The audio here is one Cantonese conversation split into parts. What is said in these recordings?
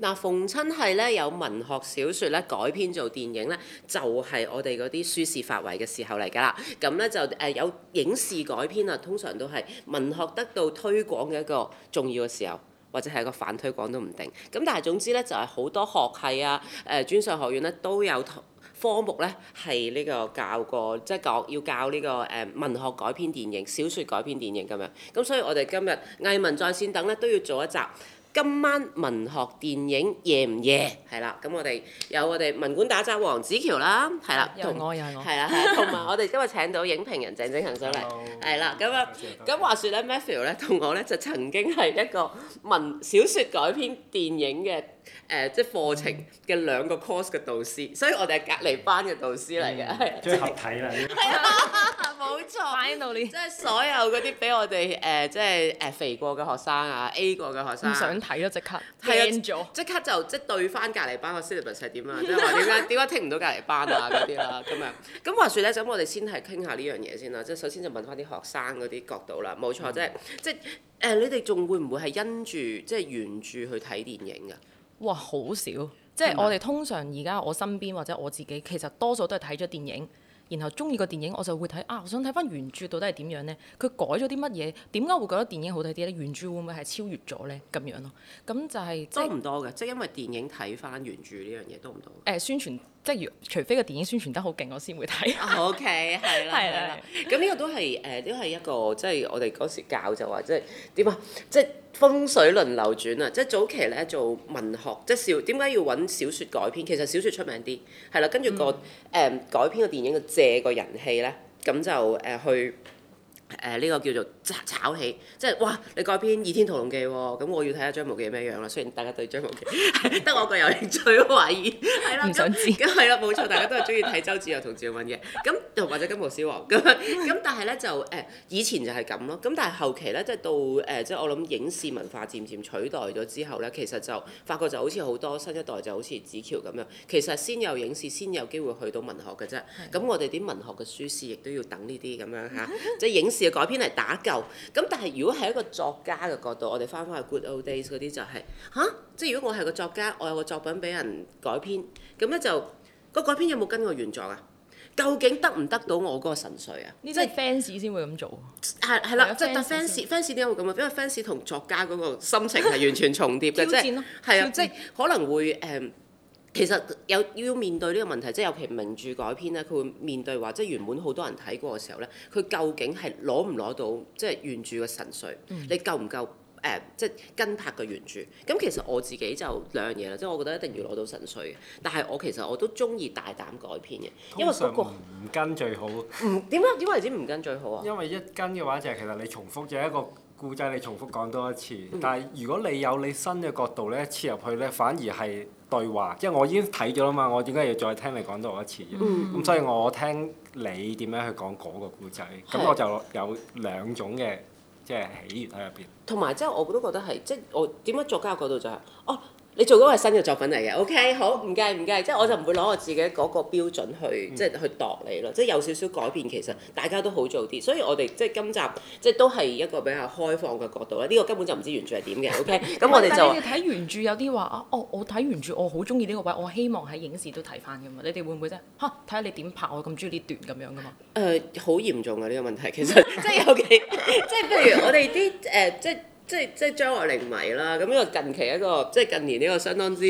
嗱，逢親係咧有文學小說咧改編做電影咧，就係、是、我哋嗰啲書事發圍嘅時候嚟㗎啦。咁咧就誒有影視改編啊，通常都係文學得到推廣嘅一個重要嘅時候，或者係個反推廣都唔定。咁但係總之咧，就係、是、好多學系啊，誒專上學院咧都有科目咧係呢個教個即係講要教呢個誒文學改編電影、小說改編電影咁樣。咁所以我哋今日藝文在線等咧都要做一集。今晚文學電影夜唔夜係啦，咁我哋有我哋文館打雜黃紫翹啦，係啦，同我有我係啦，同埋 我哋今日請到影評人鄭政恆上嚟，係啦，咁啊，咁、嗯、話説咧，Matthew 咧同我咧就是、曾經係一個文小説改編電影嘅。誒、呃，即係課程嘅兩個 course 嘅導師，所以我哋係隔離班嘅導師嚟嘅，最合體啦，係啊 錯，冇錯，即係所有嗰啲俾我哋誒，即係誒肥過嘅學生啊，A 過嘅學生，啊、學生唔想睇咯，即刻變咗，即刻就即、就是、對翻隔離班嘅 syllabus 係點啊？即係話點解點解聽唔到隔離班啊嗰啲啦咁啊？咁話説咧，咁我哋先係傾下呢樣嘢先啦，即、就、係、是、首先就問翻啲學生嗰啲角度啦，冇錯，即係即係誒，你哋仲會唔會係因住即係原著去睇電影㗎？哇，好少！即係我哋通常而家我身邊或者我自己，其實多數都係睇咗電影，然後中意個電影，我就會睇啊！我想睇返原著到底係點樣呢？佢改咗啲乜嘢？點解會覺得電影好睇啲呢？原著會唔會係超越咗呢？咁樣咯？咁、嗯、就係、是、多唔多嘅？即係因為電影睇返原著呢樣嘢都唔多？誒、呃，宣傳即係除非個電影宣傳得好勁，我先會睇、哦。OK，係啦，係 啦。咁呢 個都係誒，都、呃、係一個即係、就是、我哋嗰時教就話即係點啊，即、就、係、是。風水輪流轉啊！即係早期咧做文學，即係小點解要揾小説改編？其實小説出名啲，係啦，跟住個誒、嗯呃、改編個電影，嘅借個人氣咧，咁就誒、呃、去。誒呢、呃呢個叫做炒起，即係哇！你改編《倚天屠龍記、哦》喎，咁我要睇下張無忌咩樣啦。雖然大家對張無忌，得 我個有興趣咯，懷疑，係 啦，唔想知，係啦，冇錯，大家都係中意睇周芷若同趙敏嘅，咁又或者金毛小王咁，咁 但係咧就誒以前就係咁咯，咁但係後期咧即係到誒、呃、即係我諗影視文化漸漸取代咗之後咧，其實就發覺就好似好多新一代就好似紫翹咁樣，其實先有影視先有機會去到文學嘅啫，咁的我哋啲文學嘅書士亦都要等呢啲咁樣嚇，即係影。嘅改編嚟打救，咁但係如果係一個作家嘅角度，我哋翻返去 Good Old Days 嗰啲就係、是、嚇、啊，即係如果我係個作家，我有個作品俾人改編，咁咧就、那個改編有冇跟個原作啊？究竟得唔得到我嗰個神髓啊？呢啲即係 fans 先會咁做，係係啦，即係但 fans fans 點解會咁啊？因為 fans 同作家嗰個心情係完全重疊嘅，即係係啊，即係戰可能會誒。呃其實有要面對呢個問題，即係尤其名著改編咧，佢會面對話，即係原本好多人睇過嘅時候咧，佢究竟係攞唔攞到，即係原著嘅神髓？嗯、你夠唔夠？誒、呃，即係跟拍嘅原著？咁其實我自己就兩樣嘢啦，即係我覺得一定要攞到神髓嘅。但係我其實我都中意大膽改編嘅，因為、那個、通常唔跟最好。唔點解？點解唔知唔跟最好啊？因為一跟嘅話，就係其實你重複就係、是、一個故仔，你重複講多一次。嗯、但係如果你有你新嘅角度咧，切入去咧，反而係。對話，即係我已經睇咗啦嘛，我點解要再聽你講多我一次？咁、嗯嗯、所以我聽你點樣去講嗰個故仔，咁是我就有兩種嘅即係喜悅喺入邊。同埋即係我都覺得係，即、就、係、是、我點樣作家嗰度就係、是、哦。你做嗰個係新嘅作品嚟嘅，OK，好唔計唔計，即係我就唔會攞我自己嗰個標準去，即係、嗯、去度你咯，即係有少少改變，其實大家都好做啲，所以我哋即係今集即係都係一個比較開放嘅角度咧。呢、這個根本就唔知原著係點嘅，OK，咁我哋就睇原著有啲話啊，哦，我睇原著我好中意呢個位，我希望喺影視都睇翻嘅嘛。你哋會唔會啫？吓，睇下你點拍我這這，我咁中意呢段咁樣嘅嘛。誒，好嚴重嘅、啊、呢、這個問題，其實即係 OK，即係譬如我哋啲誒，即係。即係即係張愛玲迷啦，咁呢個近期一個即係近年呢個相當之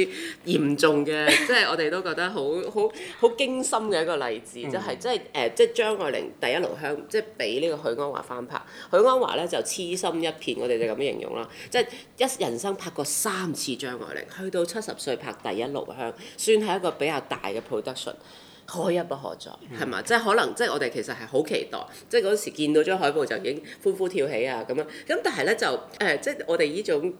嚴重嘅，即係 我哋都覺得好好好驚心嘅一個例子，就係、是嗯、即係誒、呃、即係張愛玲第一爐香，即係俾呢個許鞍華翻拍，許鞍華咧就痴心一片，我哋就咁樣形容啦，即係一人生拍過三次張愛玲，去到七十歲拍第一爐香，算係一個比較大嘅 production。可一不可再，係嘛、嗯？即係可能，即係我哋其實係好期待，即係嗰時見到張海報就已經歡呼跳起啊咁樣。咁但係咧就誒、呃，即係我哋呢種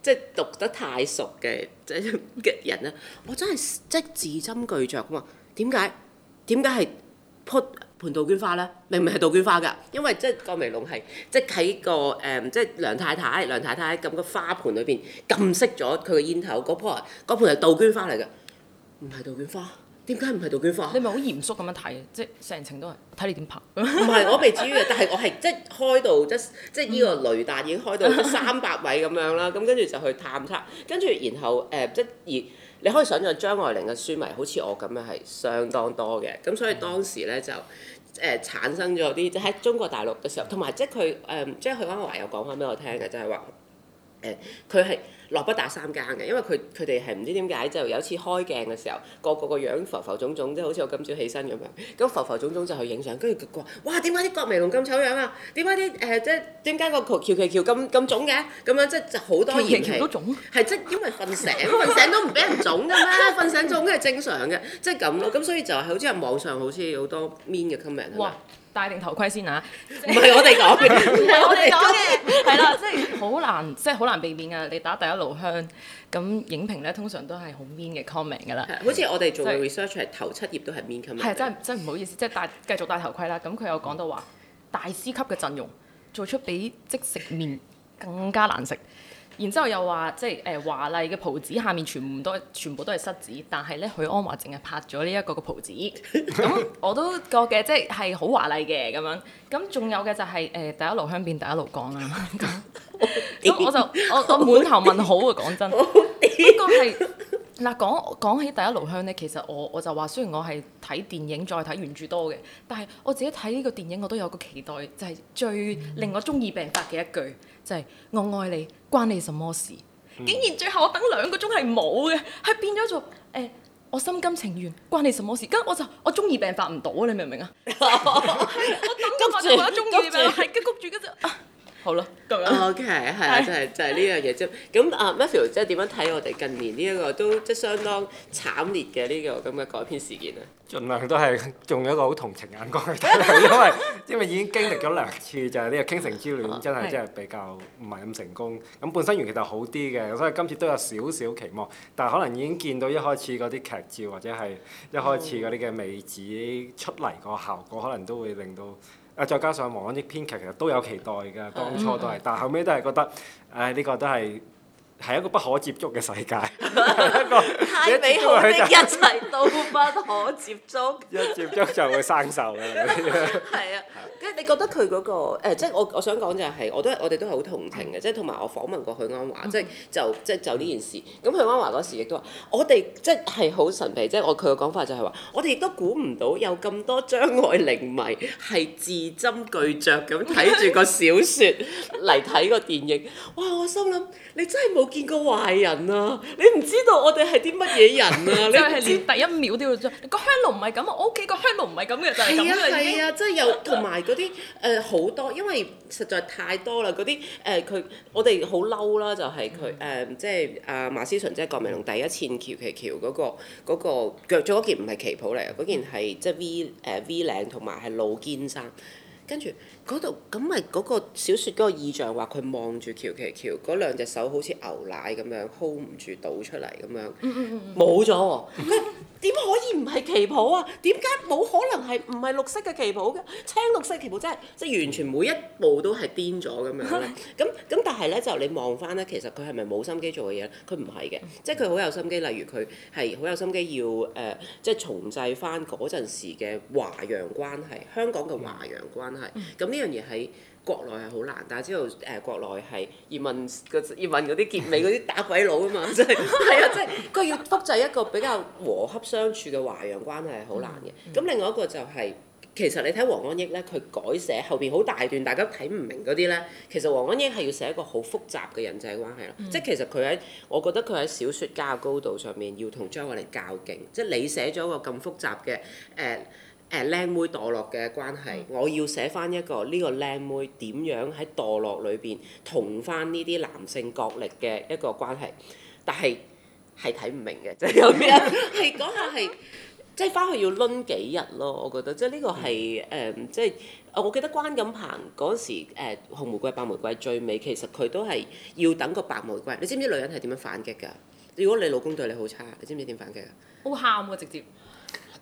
即係讀得太熟嘅即嘅人咧，我真係即係字斟句酌啊嘛。點解？點解係潑盆杜鵑花咧？明明係杜鵑花㗎，因為即係葛薇龍係即係喺個誒、呃、即係梁太太，梁太太咁個花盆裏邊撳熄咗佢個煙頭嗰樖盆係杜鵑花嚟㗎，唔係杜鵑花。點解唔係杜鵑花？化你咪好嚴肅咁樣睇，即係成程都係睇你點拍。唔係 我未至於嘅，但係我係即係開到 即開到即呢個雷達已經開到三百米咁樣啦。咁跟住就去探測，跟住然後誒、呃、即而你可以想像張愛玲嘅書迷好似我咁樣係相當多嘅。咁所以當時咧就誒、呃、產生咗啲即喺中國大陸嘅時候，同埋即係佢誒即佢許鞍華有講翻俾我聽嘅，就係話誒佢係。呃落不打三更嘅，因為佢佢哋係唔知點解，就有一次開鏡嘅時候，個個個樣浮浮腫腫，即係好似我今朝起身咁樣，咁浮浮腫腫就去影相，跟住佢哇，點解啲角眉龍咁醜、呃、樣啊？點解啲誒即係點解個喬喬其喬咁咁腫嘅？咁樣即係就好多異常。喬其喬都腫？係即係因為瞓醒，瞓醒都唔俾人腫㗎嘛？瞓 醒腫都係正常嘅，即係咁咯。咁所以就好似係網上好似好多 mean 嘅 comment。戴定頭盔先啊！唔係我哋講嘅，唔係 我哋講嘅，係啦， 即係好難，即係好難避免啊。你打第一爐香，咁影評咧通常都係好 mean 嘅 comment 㗎啦。好似我哋做嘅 research 係頭七頁都係 mean comment。係真係真真係唔好意思，即係戴繼續戴頭盔啦。咁佢有講到話，大師級嘅陣容做出比即食麵更加難食。然之後又話，即係誒、呃、華麗嘅袍子下面全部都全部都係蝨子，但係咧許鞍華淨係拍咗呢一個嘅袍子。咁 我都覺嘅，即係係好華麗嘅咁樣。咁仲有嘅就係、是、誒、呃、第一爐香變第一爐講啊。咁我就我我滿頭問號啊！講真， 不過係嗱講講起第一爐香咧，其實我我就話，雖然我係睇電影再睇原著多嘅，但係我自己睇呢個電影，我都有個期待，就係、是、最令我中意病發嘅一句。 就係我愛你，關你什麼事？嗯、竟然最後我等兩個鐘係冇嘅，係變咗做誒、欸、我心甘情願，關你什麼事？咁我就我中二病發唔到啊！你明唔明啊？係 我等 我，我，我就中二病，係跟、 嗯、住跟住、就是 好啦，咁樣 OK，係啊，就係、是、就係呢樣嘢啫。咁啊 ，Matthew 即係點樣睇我哋近年呢、這、一個都即係相當慘烈嘅呢、這個咁嘅改編事件咧？儘量都係用一個好同情眼光去睇， 因為因為已經經歷咗兩次，就係、是、呢個傾城之戀真係真係比較唔係咁成功。咁本身原其實好啲嘅，所以今次都有少少期望，但係可能已經見到一開始嗰啲劇照或者係一開始嗰啲嘅美指出嚟個效果，可能都會令到。啊，再加上王安憶編劇其實都有期待㗎，當初都係，但後尾都係覺得，唉、哎，呢、這個都係。係一個不可接觸嘅世界，太美 好嘅一切都不可接觸，一接觸就會生鏽嘅。係 啊，咁你覺得佢嗰、那個、呃、即係我我想講就係，我都我哋都係好同情嘅，即係同埋我訪問過許鞍華， 即係就即係就呢件事。咁許鞍華嗰時亦都話：我哋即係係好神秘，即係我佢嘅講法就係話，我哋亦都估唔到有咁多張愛玲迷係字斟句酌咁睇住個小説嚟睇個電影。 哇！我心諗你真係冇。見過壞人啊！你唔知道我哋係啲乜嘢人啊！你唔知第一秒都要做。個香爐唔係咁啊！我屋企個香爐唔係咁嘅就係咁樣。係啊係啊，即係又同埋嗰啲誒好多，因為實在太多啦嗰啲誒佢我哋好嬲啦，就係佢誒即係啊馬思純即係、就是、葛薇龍第一次喬琪喬嗰個嗰、嗰個著咗、嗰個、件唔係旗袍嚟嘅，嗰件係即係 V 誒、呃、V 領同埋係露肩衫，跟住。嗰度咁咪嗰個小説嗰個意象話佢望住喬琪喬，嗰兩隻手好似牛奶咁樣 hold 唔住倒出嚟咁樣，冇咗喎。點 可以唔係旗袍啊？點解冇可能係唔係綠色嘅旗袍嘅？青綠色旗袍真、就、係、是、即係完全每一步都係癲咗咁樣。咁咁 但係咧就你望翻咧，其實佢係咪冇心機做嘅嘢？佢唔係嘅，即係佢好有心機。例如佢係好有心機要誒、呃，即係重製翻嗰陣時嘅華洋關係，香港嘅華洋關係。咁呢？呢樣嘢喺國內係好難，但係之後誒國內係葉問個葉問嗰啲結尾嗰啲打鬼佬啊嘛，真係係啊，即係佢要複製一個比較和洽相處嘅華洋關係係好難嘅。咁、嗯、另外一個就係、是、其實你睇王安憶咧，佢改寫後邊好大段大家睇唔明嗰啲咧，其實王安憶係要寫一個好複雜嘅人際關係咯。嗯、即係其實佢喺我覺得佢喺小説家嘅高度上面要同張愛玲較勁，即係你寫咗一個咁複雜嘅誒。呃誒靚妹墮落嘅關係，我要寫翻一個呢個靚妹點樣喺墮落裏邊同翻呢啲男性角力嘅一個關係，但係係睇唔明嘅， 即係有咩係講下係，即係翻去要攆幾日咯，我覺得即係呢個係誒，即係、呃、我記得關錦鵬嗰陣時誒、呃、紅玫瑰白玫瑰最尾，其實佢都係要等個白玫瑰。你知唔知女人係點樣反擊㗎？如果你老公對你好差，你知唔知點反擊啊？好喊㗎，直接。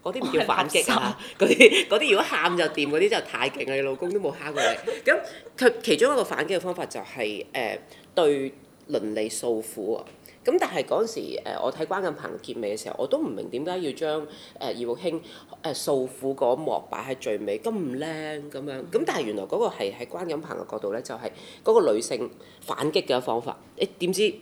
嗰啲唔叫反擊啊！嗰啲啲如果喊就掂，嗰啲就太勁啦！你老公都冇蝦過你。咁佢其中一個反擊嘅方法就係、是、誒、呃、對鄰里訴苦啊！咁但係嗰陣時、呃、我睇關錦鵬結尾嘅時候，我都唔明點解要將誒葉玉卿誒訴苦嗰幕擺喺最尾咁唔靚咁樣。咁但係原來嗰個係喺關錦鵬嘅角度咧，就係、是、嗰個女性反擊嘅方法。你點知？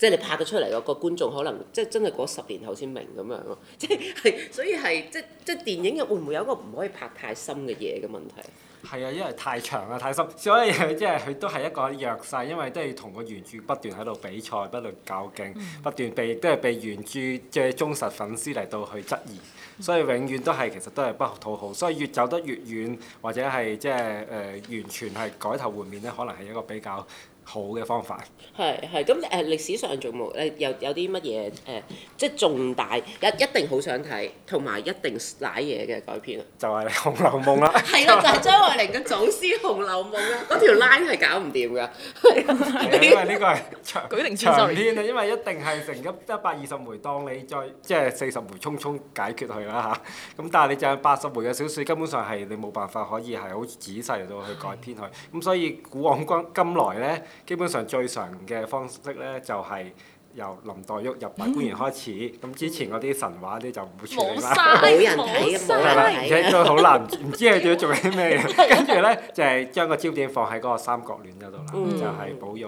即係你拍到出嚟個、嗰個觀眾可能即係真係嗰十年後先明咁樣咯，即係係所以係即係即係電影入會唔會有一個唔可以拍太深嘅嘢嘅問題？係啊，因為太長啦，太深，所以即係佢都係一個弱勢，因為都係同個原著不斷喺度比賽，不斷較勁，嗯、不斷被都係被原著嘅忠實粉絲嚟到去質疑，所以永遠都係其實都係不討好，所以越走得越遠或者係即係誒、呃、完全係改頭換面咧，可能係一個比較。好嘅方法，係係咁，誒，歷史上仲冇誒有有啲乜嘢誒即係重大一一定好想睇同埋一定瀨嘢嘅改編啊？就係《紅樓夢》啦，係咯，就係張愛玲嘅祖師《紅樓夢》啦，嗰條 line 係搞唔掂㗎。係因為呢個係巨型長篇啊，因為一定係成一一百二十回，當你再即係四十回匆匆解決佢啦嚇。咁但係你仲有八十回嘅小説，根本上係你冇辦法可以係好仔細到去改編佢。咁所以古往今今來咧。基本上最常嘅方式咧，就係由林黛玉入文官園開始。咁之前嗰啲神話啲就唔會處理啦。冇人睇，係啦，而且都好難，唔知佢仲要做啲咩嘢，跟住咧就係將個焦點放喺嗰個三角戀嗰度啦，就係寶玉、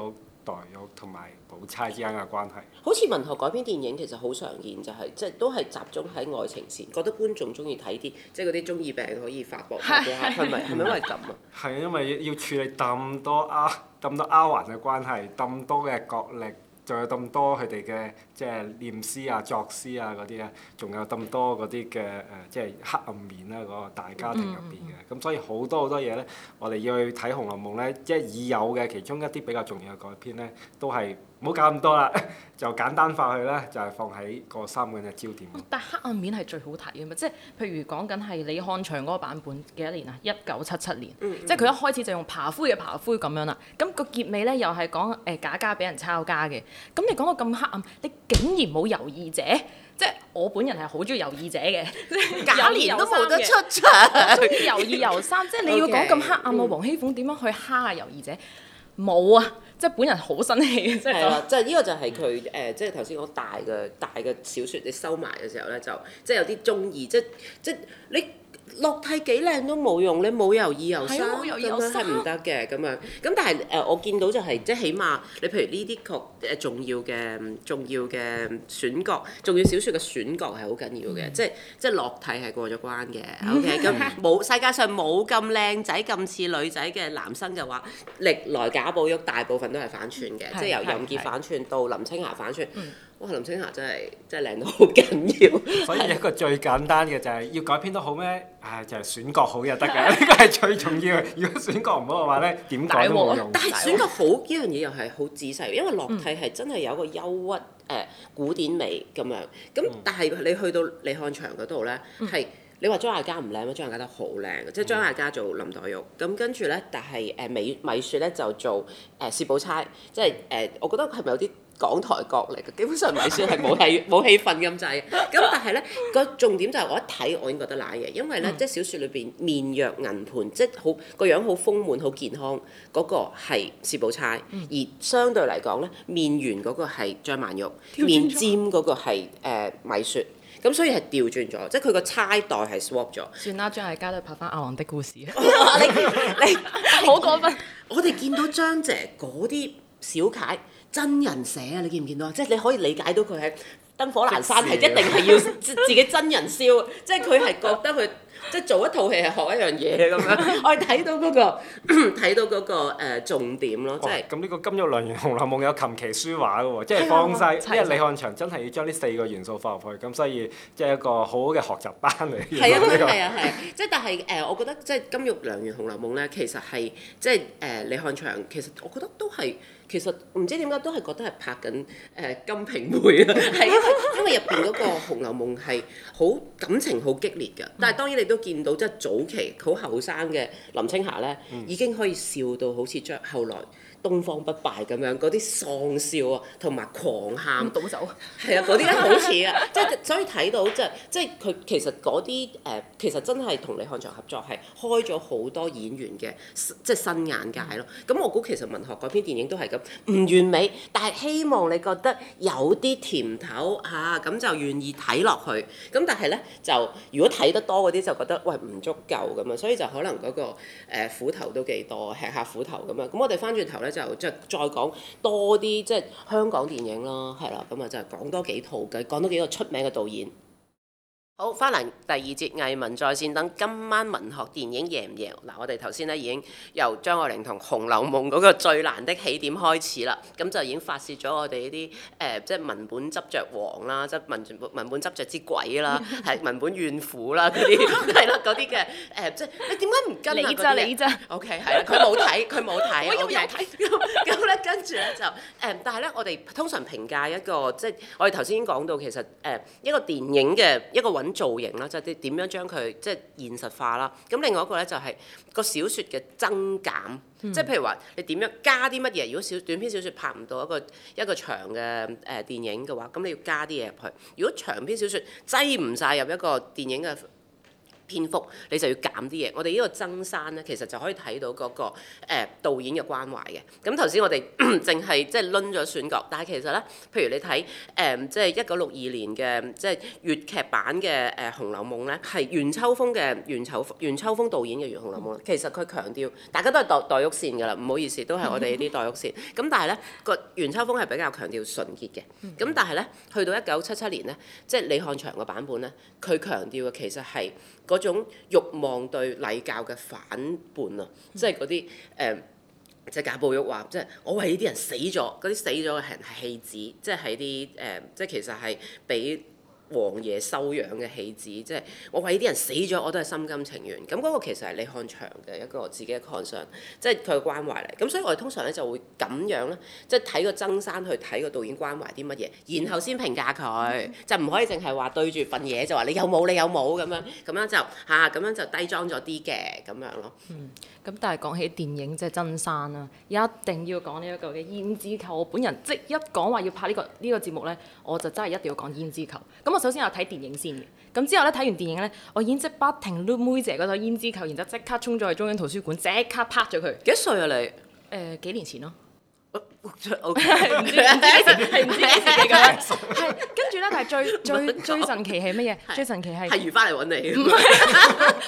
黛玉同埋寶釵之間嘅關係。好似文學改編電影其實好常見，就係即係都係集中喺愛情線，覺得觀眾中意睇啲即係嗰啲中二病可以發洩嘅。係咪？係咪因為咁啊？係因為要處理咁多啊？咁多丫環嘅關係，咁多嘅角力，仲有咁多佢哋嘅即係念詩啊、作詩啊嗰啲呢；仲有咁多嗰啲嘅即係黑暗面啦、啊，嗰、嗰個大家庭入邊嘅，咁、嗯、所以好多好多嘢呢，我哋要去睇《紅樓夢》呢，即係已有嘅其中一啲比較重要嘅改編呢，都係。唔好搞咁多啦，就簡單化佢啦，就係、是、放喺個三個人嘅焦點。但黑暗面係最好睇嘅，嘛，即係譬如講緊係李翰祥嗰個版本幾多年啊？一九七七年，嗯嗯、即係佢一開始就用爬灰嘅爬灰咁樣啦。咁個結尾咧又係講誒賈家俾人抄家嘅。咁你講到咁黑暗，你竟然冇尤二姐？即係我本人係好中意尤二姐嘅， 賈璉都冇得出場。中意 尤二尤三， 即係你要講咁黑暗、嗯、啊，啊？王熙鳳點樣去蝦尤二姐？冇啊！即係本人好生氣，即係講， 即係呢個就係佢誒，即係頭先講大嘅大嘅小說，你收埋嘅時候咧，就即係有啲中意，即係即係你。落體幾靚都冇用，你冇油意，又身又樣係唔得嘅咁樣。咁、嗯、但係誒、呃，我見到就係即係起碼你譬如呢啲確誒重要嘅重要嘅選角，重要小説嘅選角係好緊要嘅、嗯，即係即係落體係過咗關嘅。O K，咁冇世界上冇咁靚仔咁似女仔嘅男生就話，歷來賈寶玉大部分都係反串嘅，嗯、即係由任傑反串到林青霞反串。嗯嗯。哇！林青霞真係真係靚到好緊要，所以一個最簡單嘅就係、是、要改編得好咩？唉、啊，就係、是、選角好就得㗎，呢個係最重要。如果選角唔好嘅話咧，點解都冇用？但係選角好呢樣嘢又係好仔細，因為樂蒂係真係有一個憂鬱誒、呃、古典美咁樣。咁但係你去到李翰祥嗰度咧，係、嗯、你話張艾嘉唔靚咩？張艾嘉都好靚即係張艾嘉做林黛玉。咁跟住咧，但係誒美米雪咧就做誒薛、呃、寶釵，即係誒、呃、我覺得係咪有啲？港台角嚟嘅，基本上米雪係冇戲冇戲份咁滯，咁、 嗯、但係咧個重點就係我一睇我已經覺得賴嘢，因為咧、嗯、即係小說裏邊面若銀盤，即係好個樣好豐滿好健康，嗰、那個係薛寶釵，嗯、而相對嚟講咧面圓嗰個係張曼玉，面尖嗰個係、呃、米雪，咁所以係調轉咗，即係佢個差代係 swap 咗。算啦，張喺街度拍翻《阿郎的故事》你你 好過分。 我哋見到張姐嗰啲小楷。真人寫啊！你見唔見到啊？即係你可以理解到佢係燈火闌珊，係一定係要自己真人燒， 即係佢係覺得佢。即係做一套戲係學一樣嘢咁樣，是是 我哋睇到嗰、那個睇 到嗰、那個、呃、重點咯，即係、哦。咁呢個《金玉良緣》《紅樓夢》有琴棋書畫嘅喎，即係江西，因為李漢祥真係要將呢四個元素放入去，咁的所以即係、就是、一個好好嘅學習班嚟嘅。係啊係啊係，即係的、這個、但係誒、呃，我覺得即係、呃呃《金玉良緣》《紅樓夢》咧，其實係即係誒李漢祥，其實我覺得都係其實唔知點解都係覺得係拍緊誒、呃《金瓶梅》啊。 係因為因為入邊嗰個紅《紅樓夢》係好感情好激烈嘅，但係當然你、嗯。都見到即係早期好後生嘅林青霞咧，嗯、已經可以笑到好似將後來東方不敗咁樣嗰啲喪笑啊，同埋狂喊，倒走，係啊嗰啲啊，好似啊，啊啊 即係所以睇到即係即係佢其實嗰啲誒，其實真係同李漢祥合作係開咗好多演員嘅即係新眼界咯。咁、嗯、我估其實文學改編電影都係咁，唔完美，但係希望你覺得有啲甜頭嚇，咁、啊、就願意睇落去。咁但係咧就如果睇得多嗰啲就覺得喂唔、哎、足夠咁啊，所以就可能嗰、嗰個苦、呃、頭都幾多，吃下苦頭咁啊。咁我哋翻轉頭咧。呢就就再講多啲即係香港電影啦，係啦，咁啊就係講多幾套嘅，講多幾個出名嘅導演。好，返嚟第二節藝文在線等，今晚文學電影夜唔夜？嗱、啊，我哋頭先咧已經由張愛玲同《紅樓夢》嗰個最難的起點開始啦，咁就已經發洩咗我哋呢啲誒，即係文本執着王啦，即係文本文本執着之鬼啦，係 文本怨婦啦，嗰啲係啦，嗰啲嘅誒，即係你點解唔跟啊？你咋，就是，你咋，就是就是？OK，係啦，佢冇睇，佢冇睇啊！咁又睇，咁咧 跟住咧就誒，但係咧我哋通常評價一個即係我哋頭先已經講到，其實誒一個電影嘅一個造型啦，即係啲點樣將佢即係現實化啦。咁另外一個咧就係、是、個小説嘅增減，嗯、即係譬如話你點樣加啲乜嘢？如果小短篇小説拍唔到一個一個長嘅誒、呃、電影嘅話，咁你要加啲嘢入去。如果長篇小説擠唔晒入一個電影嘅篇幅，你就要減啲嘢。我哋呢個增刪咧，其實就可以睇到嗰、那個誒、呃、導演嘅關懷嘅。咁頭先我哋淨係即係論咗選角，但係其實咧，譬如你睇誒、呃、即係一九六二年嘅即係粵劇版嘅誒、呃《紅樓夢》咧，係袁秋風嘅袁秋風袁秋風導演嘅《紅樓夢》，其實佢強調大家都係黛黛玉線㗎啦，唔好意思，都係我哋呢啲黛玉線。咁但係咧個袁秋風係比較強調純潔嘅。咁但係咧去到一九七七年咧，即係李翰祥個版本咧，佢強調嘅其實係種欲望對禮教嘅反叛啊，即係嗰啲誒，即係賈寶玉話，即係我為呢啲人死咗，嗰啲死咗嘅人係棄子，即係喺啲誒，即係其實係俾。王爺收養嘅戲子，即係我為呢啲人死咗，我都係心甘情願。咁、那、嗰個其實係李漢祥嘅一個自己嘅 concern，即係佢嘅關懷嚟。咁所以我哋通常咧就會咁樣咧，即係睇個曾生去睇個導演關懷啲乜嘢，然後先評價佢、嗯，就唔可以淨係話對住份嘢就話你有冇你有冇咁樣，咁樣就吓，咁、啊、樣就低裝咗啲嘅咁樣咯。嗯，咁但係講起電影即係曾生啦，一定要講呢一個嘅胭脂扣。我本人即一講話要拍呢、這個呢、這個節目咧，我就真係一定要講胭脂扣。咁我。首先我睇電影先嘅，咁之後咧睇完電影咧，我已經即不停碌妹姐嗰套胭脂扣，然之後即刻衝咗去中央圖書館，即刻拍咗佢。幾多歲啊你？誒、呃、幾年前咯。唔 知自跟住咧，但係最最能最神奇係乜嘢？ 最神奇係係如翻嚟揾你。唔係，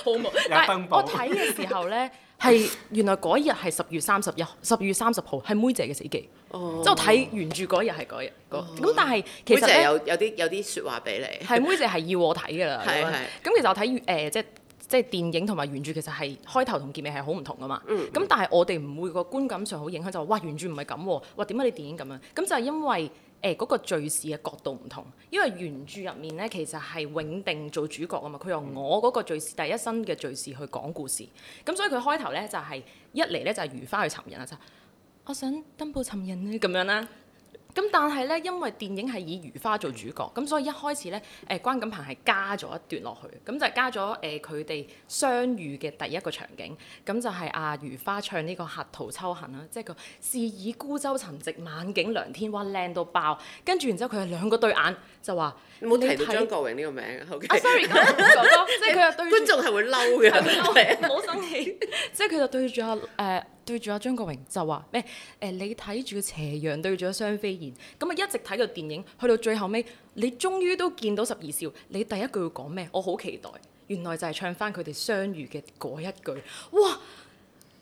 好我睇嘅時候咧。係原來嗰日係十月三十日，十月三十號係梅姐嘅死忌，即、oh. 我睇原著嗰日係嗰日咁，oh. 但係其實咧有有啲有啲説話俾你，係梅姐係要我睇㗎啦。咁 是其實我睇誒、呃、即係即係電影同埋原著其實係開頭同結尾係好唔同㗎嘛。咁、mm hmm. 但係我哋唔會個觀感上好影響就話哇原著唔係咁喎，哇點解你電影咁樣啊？咁就係因為，誒嗰個敍事嘅角度唔同，因為原著入面咧其實係永定做主角啊嘛，佢用我嗰個敍事第一身嘅敍事去講故事，咁所以佢開頭咧就係一嚟咧就係如花去尋人啦，就我想登報尋人啊咁樣啦。咁但係咧，因為電影係以如花做主角，咁所以一開始咧，誒、呃、關錦鵬係加咗一段落去，咁就係加咗誒佢哋相遇嘅第一個場景，咁就係阿如花唱呢、這個《客途秋恨》，啦，即係個「是以孤舟沉寂，晚景涼天」，哇靚到爆！跟住然之後佢哋兩個對眼就話，你冇睇到張國榮呢個名、OK、啊，sorry，即係佢又對住。觀眾係會嬲嘅，唔好生氣，即係佢就對住阿誒。呃對住阿張國榮就話咩？誒、欸、你睇住斜陽對住雙飛燕，咁啊一直睇個電影，去到最後尾，你終於都見到十二少，你第一句要講咩？我好期待，原來就係唱翻佢哋相遇嘅嗰一句，哇！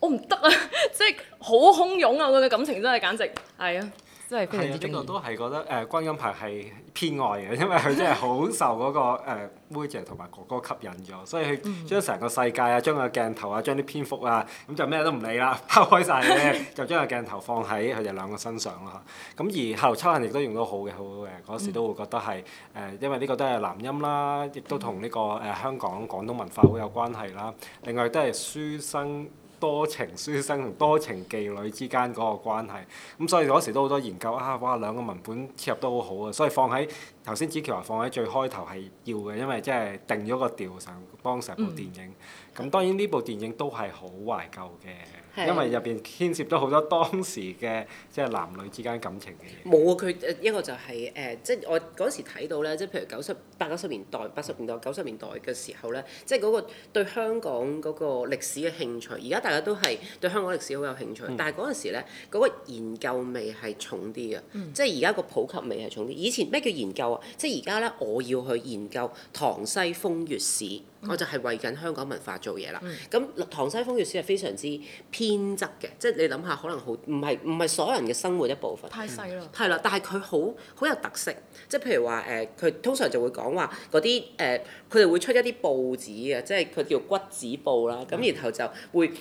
我唔得啊，即係好洶湧啊，佢嘅感情真係簡直係啊！係啊，呢、這個都係覺得誒關錦鵬係偏愛嘅，因為佢真係好受嗰、那個誒梅姐同埋哥哥吸引咗，所以佢將成個世界啊、將個鏡頭啊、將啲篇幅啊，咁就咩都唔理啦，拋開晒咧， 就將個鏡頭放喺佢哋兩個身上咯。咁而後秋人亦都用到好嘅，好嘅嗰時都會覺得係誒、呃，因為呢個都係南音啦，亦都同呢、這個誒、呃、香港廣東文化好有關係啦。另外都係書生。多情書生同多情妓女之間嗰個關係，咁所以嗰時都好多研究啊！哇，兩個文本切合都好好啊！所以放喺頭先，紫翹話放喺最開頭係要嘅，因為即係定咗個調上，幫成部電影。咁、嗯、當然呢部電影都係好懷舊嘅。因為入邊牽涉咗好多當時嘅即係男女之間感情嘅嘢。冇啊，佢誒一個就係、係、誒、呃，即係我嗰時睇到咧，即係譬如九七、八九十年代、八十年代、九十年代嘅時候咧，即係嗰個對香港嗰個歷史嘅興趣。而家大家都係對香港歷史好有興趣，嗯、但係嗰陣時咧嗰、嗰個研究味係重啲嘅，嗯、即係而家個普及味係重啲。以前咩叫研究啊？即係而家咧，我要去研究唐西風月史。 我就係為緊香港文化做嘢啦。咁、嗯、唐西風月史係非常之偏側嘅，即、就、係、是、你諗下，可能好唔係唔係所有人嘅生活一部分，太細啦。係啦、嗯，但係佢好好有特色。即係譬如話誒，佢、呃、通常就會講話嗰啲誒，佢、呃、哋會出一啲報紙嘅，即係佢叫骨子報啦。咁、嗯、然後就會誒。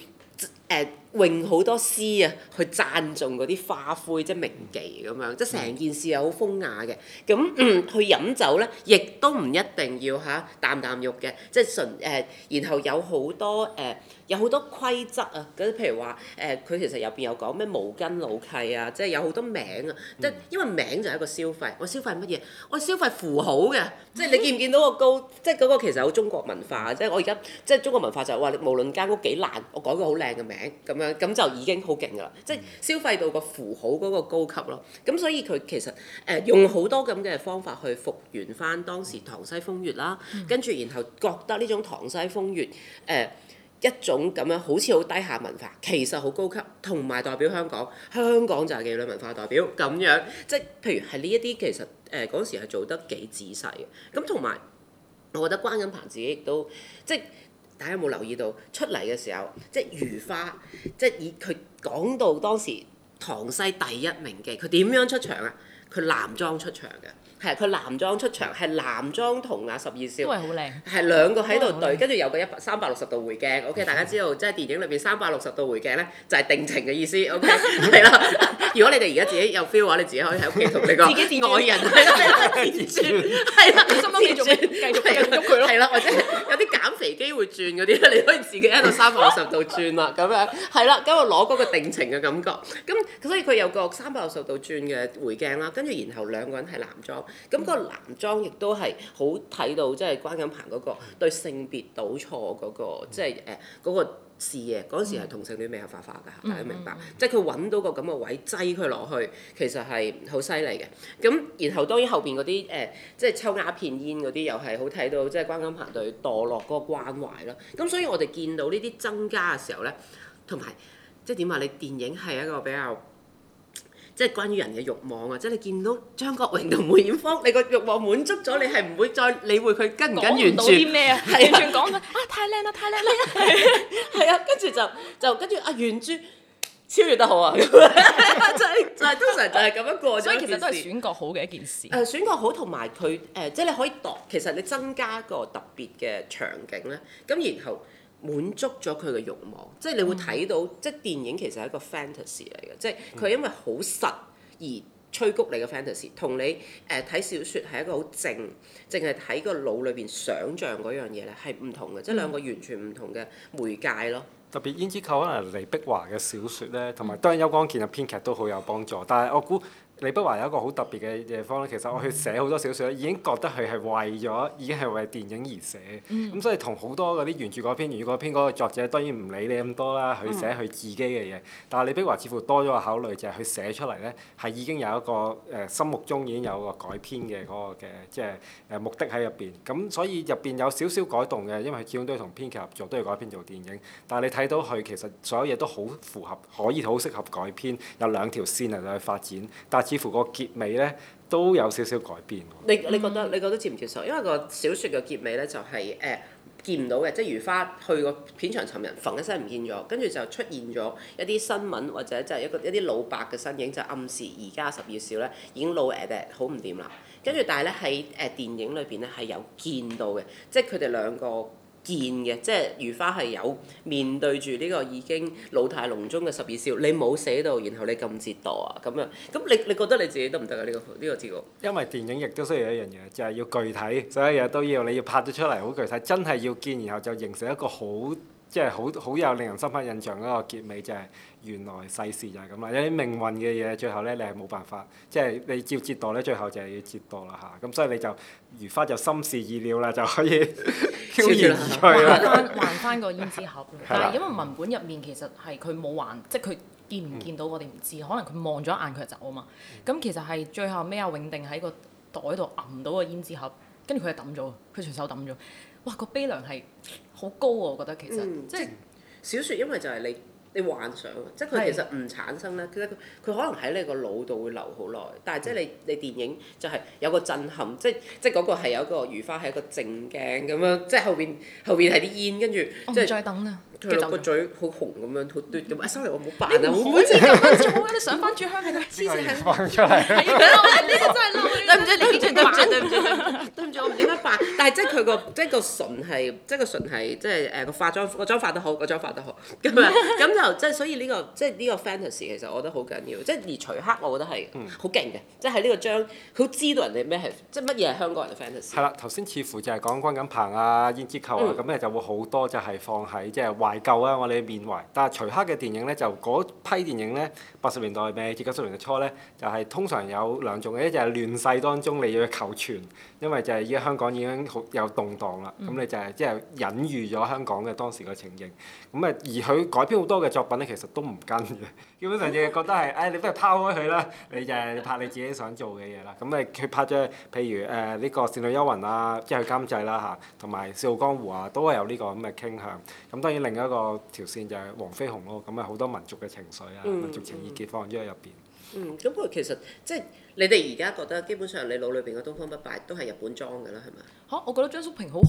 呃詠好多詩啊，去讚頌嗰啲花魁，即係名妓咁樣，即係成件事係好風雅嘅。咁、嗯、去飲酒咧，亦都唔一定要嚇啖啖肉嘅，即係純誒、呃，然後有好多誒。呃有好多規則啊！嗰啲譬如話，誒、呃、佢其實入邊有講咩毛巾老契啊，即、就、係、是、有好多名啊！即係、嗯、因為名就係一個消費，我消費乜嘢？我消費符號嘅，嗯、即係你見唔見到個高？即係嗰個其實有中國文化啊！即係我而家即係中國文化就係話，無論間屋幾爛，我改個好靚嘅名，咁樣咁就已經好勁噶啦！嗯、即係消費到個符號嗰個高級咯。咁所以佢其實誒、呃、用好多咁嘅方法去復原返當時唐西風月啦，嗯、跟住然後覺得呢種唐西風月誒。呃一種咁樣好似好低下文化，其實好高級，同埋代表香港，香港就係妓女文化代表咁樣，即係譬如係呢一啲其實誒嗰、呃、時係做得幾仔細嘅，咁同埋我覺得關錦鵬自己亦都即係大家有冇留意到出嚟嘅時候，即係如花，即係以佢講到當時塘西第一名妓，佢點樣出場啊？佢男裝出場嘅，係佢男裝出場，係男裝同阿十二少，都係好靚，係兩個喺度對，跟住有個一百三百六十度回鏡，OK，大家知道，即係電影裏邊三百六十度回鏡咧，就係定情嘅意思，OK，係啦。如果你哋而家自己有 feel 嘅話，你自己可以喺屋企同你講。自己是愛人係啦，黐住係啦，心諗繼續繼續捉佢咯，係啦，或者。有啲減肥機會轉嗰啲，你可以自己喺度三百六十度轉啦，咁樣係啦，咁我攞嗰個定情嘅感覺，咁所以佢有個三百六十度轉嘅回鏡啦，跟住然後兩個人係男裝，咁、那個男裝亦都係好睇到即係、就是、關錦鵬嗰個對性別倒錯嗰、那個，即係誒嗰個。是嘅，嗰時係同性戀未合法化㗎嚇，大家、嗯、明白？即係佢揾到個咁嘅位擠佢落去，其實係好犀利嘅。咁然後當然後邊嗰啲誒，即係抽鴉片煙嗰啲又係好睇到，即係關錦鵬對墮落嗰個關懷咯。咁所以我哋見到呢啲增加嘅時候咧，同埋即係點話？你電影係一個比較。即係關於人嘅欲望啊！即係你見到張國榮同梅豔芳， 你個欲望滿足咗，你係唔會再理會佢跟唔跟原著到啲咩啊？係完全講啊！太靚啦，太靚啦！係啊，跟住就就跟住啊，原著超越得好啊！ 就係就係通常就係咁樣過。所以其實都係選角好嘅一件事。誒、啊，選角好同埋佢誒，即係你可以度，其實你增加個特別嘅場景咧，咁然後。滿足咗佢嘅慾望，即係你會睇到，嗯、即係電影其實係一個 fantasy 嚟嘅，即係佢因為好實而催谷你嘅 fantasy，同你誒睇、呃、小説係一個好靜，淨係喺個腦裏邊想像嗰樣嘢咧，係唔同嘅，嗯、即係兩個完全唔同嘅媒介咯。特別胭脂扣可能李碧華嘅小説咧，同埋當然邱剛健嘅編劇都好有幫助，但係我估。李碧華有一個好特別嘅地方咧，其實我去寫好多小説咧，已經覺得佢係為咗，已經係為電影而寫。咁、嗯、所以同好多嗰啲原著改編、原著改編嗰個作者，當然唔理你咁多啦，佢寫佢自己嘅嘢。嗯、但係李碧華似乎多咗個考慮，就係、是、佢寫出嚟咧，係已經有一個誒、呃、心目中已經有一個改編嘅嗰、那個嘅，即係誒目的喺入邊。咁所以入邊有少少改動嘅，因為佢始終都要同編劇合作，都要改編做電影。但係你睇到佢其實所有嘢都好符合，可以好適合改編，有兩條線嚟去發展。但似乎個結尾咧都有少少改變。你你覺得你覺得接唔接受？因為個小說嘅結尾咧就係、是、誒、呃、見唔到嘅，即係如花去個片場尋人，揈一聲唔見咗，跟住就出現咗一啲新聞或者就係一個一啲老伯嘅身影，就是、暗示而家十二少咧已經老嘅好唔掂啦。跟住但係咧喺誒電影裏邊咧係有見到嘅，即係佢哋兩個。見嘅，即係如花係有面對住呢個已經老態龍鍾嘅十二少，你冇死到，然後你咁折墮啊咁樣，咁你你覺得你自己得唔得啊？呢個呢個結局？因為電影亦都需要一樣嘢，就係要具體，所有嘢都要你要拍到出嚟好具體，真係要見，然後就形成一個好即係好好有令人深刻印象嗰個結尾，就係原來世事就係咁啦，有啲命運嘅嘢，最後咧你係冇辦法，即係你照折墮咧，最後就係要折墮啦吓，咁所以你就如花就心事已了啦，就可以。 挑選翻，還翻個胭脂盒。 但係因為文本入面其實係佢冇還，即係佢見唔見到我哋唔知。嗯、可能佢望咗一眼佢就走啊嘛。咁、嗯嗯、其實係最後尾阿永定喺個袋度揞到個胭脂盒，跟住佢就抌咗，佢隨手抌咗。哇！個悲涼係好高啊，我覺得其實，即係小説因為就係你。你幻想，即係佢其實唔產生咧。是其實佢佢可能喺你個腦度會留好耐，但係即係你你電影就係有個震撼，即係即係嗰個係有一個如花係一個正鏡咁樣，即係後邊後邊係啲煙，跟住即係。再等啊！佢個嘴好紅咁樣，好嘟咁。阿生嚟，我冇扮啊！每次咁樣做，你上翻主香係黐線係。係啊，呢個真係啦。對唔住你，對唔住，對唔住，對唔住我唔點樣扮。但係即係佢個即係個唇係，即係個唇係，即係誒個化妝個妝化得好，個妝化得好。咁啊，咁就即係所以呢個即係呢個 fantasy 其實我覺得好緊要。即係而徐克我覺得係好勁嘅，即係喺呢個將好知道人哋咩係，即係乜嘢係香港人嘅 fantasy。係啦，頭先似乎就係講關錦鵬啊胭脂扣啊咁咧，就會好多就係放喺即係畫。懷舊啊！我哋嘅緬懷，但係徐克嘅電影呢，就嗰批電影呢，八十年代尾至九十年代初呢，就係、是、通常有兩種嘅，一就係、是、亂世當中你要求存，因為就係依家香港已經好有動盪啦，咁你就係即係隱喻咗香港嘅當時嘅情形。咁啊，而佢改編好多嘅作品呢，其實都唔跟嘅。基本上就係覺得係，唉、哎，你不如拋開佢啦，你就係拍你自己想做嘅嘢啦。咁啊，佢拍咗譬如誒呢、呃這個《倩女幽魂》啦、啊，即、就、係、是、監製啦、啊、吓，同埋《笑傲江湖》啊，都係有呢個咁嘅傾向。咁當然另一。一個條線就係黃飛鴻咯，咁啊好多民族嘅情緒啊，嗯、民族情意結放咗喺入邊。嗯，咁不過其實即係你哋而家覺得，基本上你腦裏邊嘅《東方不敗》都係日本裝嘅啦，係咪？嚇、啊，我覺得張叔平好好、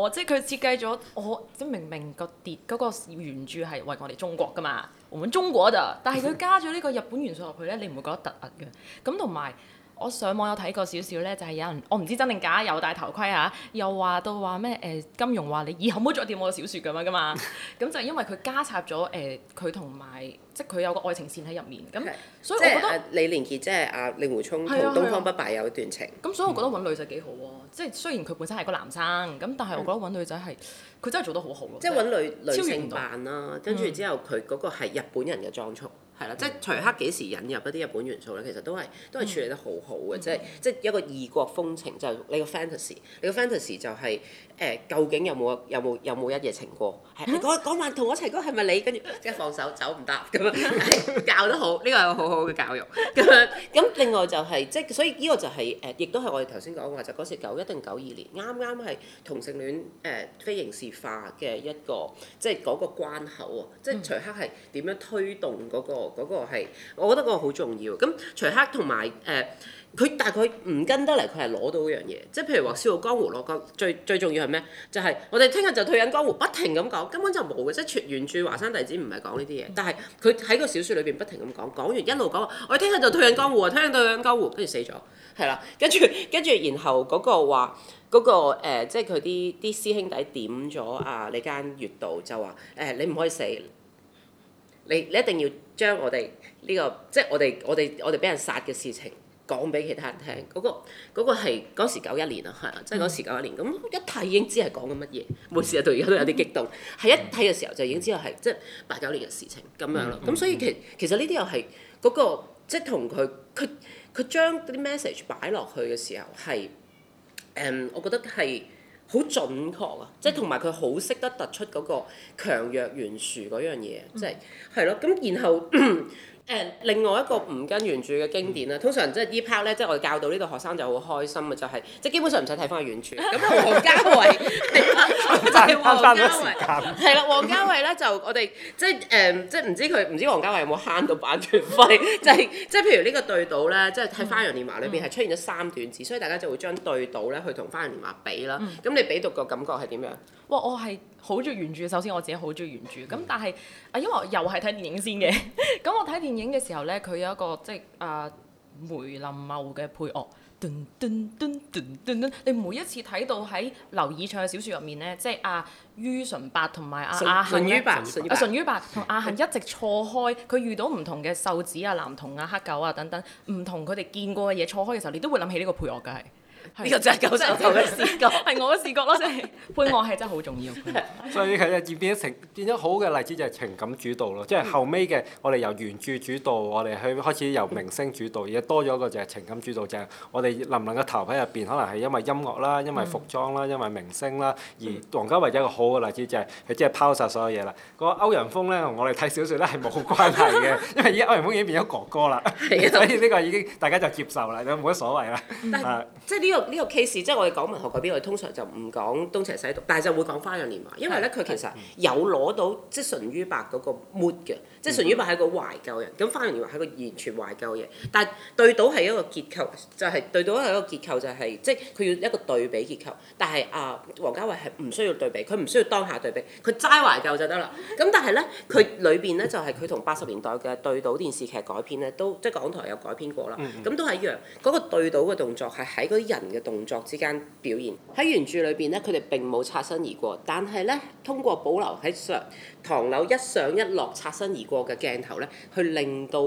啊，即係佢設計咗，我、哦、即明明個碟嗰、那個、原著係為我哋中國噶嘛，我揾中國咋，但係佢加咗呢個日本元素入去咧， 你唔會覺得突兀嘅。咁同埋。我上網有睇過少少咧，就係、是、有人我唔知真定假，又戴頭盔啊，又話到話咩誒？金庸話你以後唔好再掂我小說㗎嘛，㗎嘛，咁就因為佢加插咗誒，佢同埋即係佢有個愛情線喺入面。咁的所以我覺得即係李連杰即係阿令狐沖同東方不敗有一段情。咁所以我覺得揾女仔幾好喎、啊，即係雖然佢本身係個男生，咁但係我覺得揾女仔係佢真係做得好好咯。即係揾女女性扮啦、啊，嗯、跟住之後佢嗰個係日本人嘅裝束。係啦， 即係徐克幾時引入一啲日本元素咧？其實都係都係處理得好好嘅， 即係即係一個異國風情，就係、是、你個 fantasy，你個 fantasy 就係、是。誒究竟有冇有冇有冇一夜情過？係講講同我一齊嗰係咪你？跟住即係放手走唔得咁樣 教得好，呢、這個係好好嘅教育咁 樣。咁另外就係即係所以呢個就係、是、誒、呃，亦都係我哋頭先講話就嗰、是、時九一定九二年啱啱係同性戀誒、呃、非刑事化嘅一個即係嗰個關口喎。即、就、係、是、徐克係點樣推動嗰、那個嗰、那個係？我覺得嗰個好重要。咁徐克同埋誒。呃佢但係佢唔跟得嚟，佢係攞到樣嘢，即係譬如話《笑傲江湖》咯。個最最重要係咩？就係、是、我哋聽日就退隱江湖，不停咁講，根本就冇嘅。即係原著《華山弟子》唔係講呢啲嘢，但係佢喺個小説裏邊不停咁講，講完一路講話，我哋聽日就退隱江湖啊，退隱退隱江湖，跟住死咗，係啦。跟住跟住，然後嗰個話嗰、嗰個、嗰個呃、即係佢啲啲師兄弟點咗啊你間穴道就話誒，你唔、呃、可以死，你你一定要將我哋呢、呢個即係我哋我哋我哋俾人殺嘅事情。講俾其他人聽，嗰個嗰個係嗰時九一年啊，係啊，即係嗰時九一年。咁一睇已經知係講緊乜嘢，每事啊，到而家都有啲激動。係 一睇嘅時候就已經知道係即係八九年嘅事情咁樣啦。咁所以其其實呢啲又係嗰個即係同佢佢佢將啲 message 擺落去嘅時候係誒、嗯，我覺得係好準確啊，即係同埋佢好識得突出嗰個強弱懸殊嗰樣嘢，即係係咯。咁然後。 誒，And, 另外一個唔跟原著嘅經典啦，嗯、通常即係啲 part 咧，即係我哋教到呢度學生就好開心嘅，就係、是、即係基本上唔使睇翻原著。咁啊， 王 家衛，就係王家衛，係啦，王家衛咧就我哋即係誒，即係唔、嗯、知佢唔知王家衛有冇慳到版權費， 就是、即係即係譬如呢個對賭咧，即係喺《花樣年華》裏邊係出現咗三段字，嗯、所以大家就會將對賭咧去同《花樣年華》比啦。咁、嗯、你比到個感覺係點樣？我係好鍾意原著，首先我自己好鍾意原著，咁但係啊，因為我又係睇電影先嘅，咁 我睇電影嘅時候咧，佢有一個即係啊梅林茂嘅配樂，噔噔噔噔噔噔，你每一次睇到喺劉以鬯嘅小説入面咧，即係啊淳、啊、于白同埋啊阿杏阿淳于白同阿杏一直錯開，佢遇到唔同嘅瘦子啊、男童啊、黑狗啊等等，唔同佢哋見過嘅嘢錯開嘅時候，你都會諗起呢個配樂嘅係。呢個就係九十年代嘅視覺，係我嘅視覺咯，即係配樂係真係好重要。所以其實變咗情，變咗好嘅例子就係情感主導咯，即係後尾嘅我哋由原著主導，我哋去開始由明星主導，而家多咗一個就係情感主導，就係我哋能唔能夠投喺入邊，可能係因為音樂啦，因為服裝啦，因為明星啦。而王家衛一個好嘅例子就係佢即係拋曬所有嘢啦。個歐陽峰咧，同我哋睇小説咧係冇關係嘅，因為而家歐陽峰已經變咗哥哥啦，所以呢個已經大家就接受啦，你冇乜所謂啦。啊，即係呢？呢個呢個 case 即係我哋講文學改變，我哋通常就唔講東邪西毒，但係就會講花樣年華，因為咧佢是其實有攞到是即係純於白嗰個 mood 嘅。嗯、即係係淳于白係一個懷舊人，咁嚟明月係個完全懷舊嘅人，但係對倒係一個結構，就係、是、對倒係一個結構、就是，就係即係佢要一個對比結構。但係啊，王、呃、家衛係唔需要對比，佢唔需要當下對比，佢齋懷舊就得啦。咁但係咧，佢裏邊咧就係佢同八十年代嘅對倒電視劇改編咧，都即係港台有改編過啦。咁、嗯嗯、都係一樣，嗰、那個對倒嘅動作係喺嗰啲人嘅動作之間表現。喺原著裏邊咧，佢哋並冇擦身而過，但係咧通過保留喺上唐樓一上一落擦身而過。過嘅鏡頭咧，去令到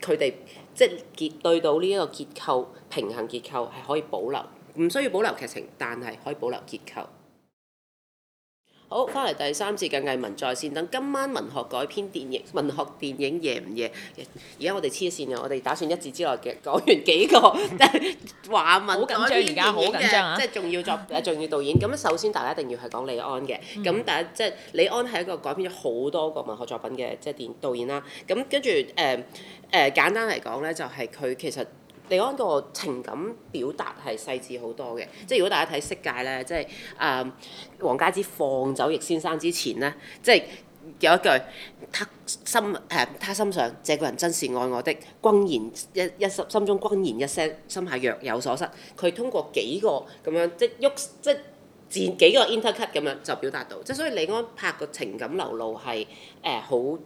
佢哋即結對到呢一個結構。平衡結構係可以保留，唔需要保留劇情，但係可以保留結構。好，翻嚟第三節嘅藝文在線等，今晚文學改編電影，文學電影夜唔夜？而家我哋黐線呀，我哋打算一字之內嘅講完幾個華 文。好緊張，而家好緊張即係、啊、重要作，啊重要導演。咁首先大家一定要係講李安嘅。咁但係即係李安係一個改編咗好多個文學作品嘅即係電導演啦。咁跟住誒誒簡單嚟講咧，就係佢其實。李安個情感表達係細緻好多嘅，即係如果大家睇《色戒》咧，即係誒王佳芝放走易先生之前咧，即係有一句他心誒、呃、他心想這個人真是愛我的，轟然一一心心中轟然一聲心下若有所失，佢通過幾個咁樣即係喐即係幾個 intercut 咁樣就表達到，即係所以李安拍個情感流露係誒好。呃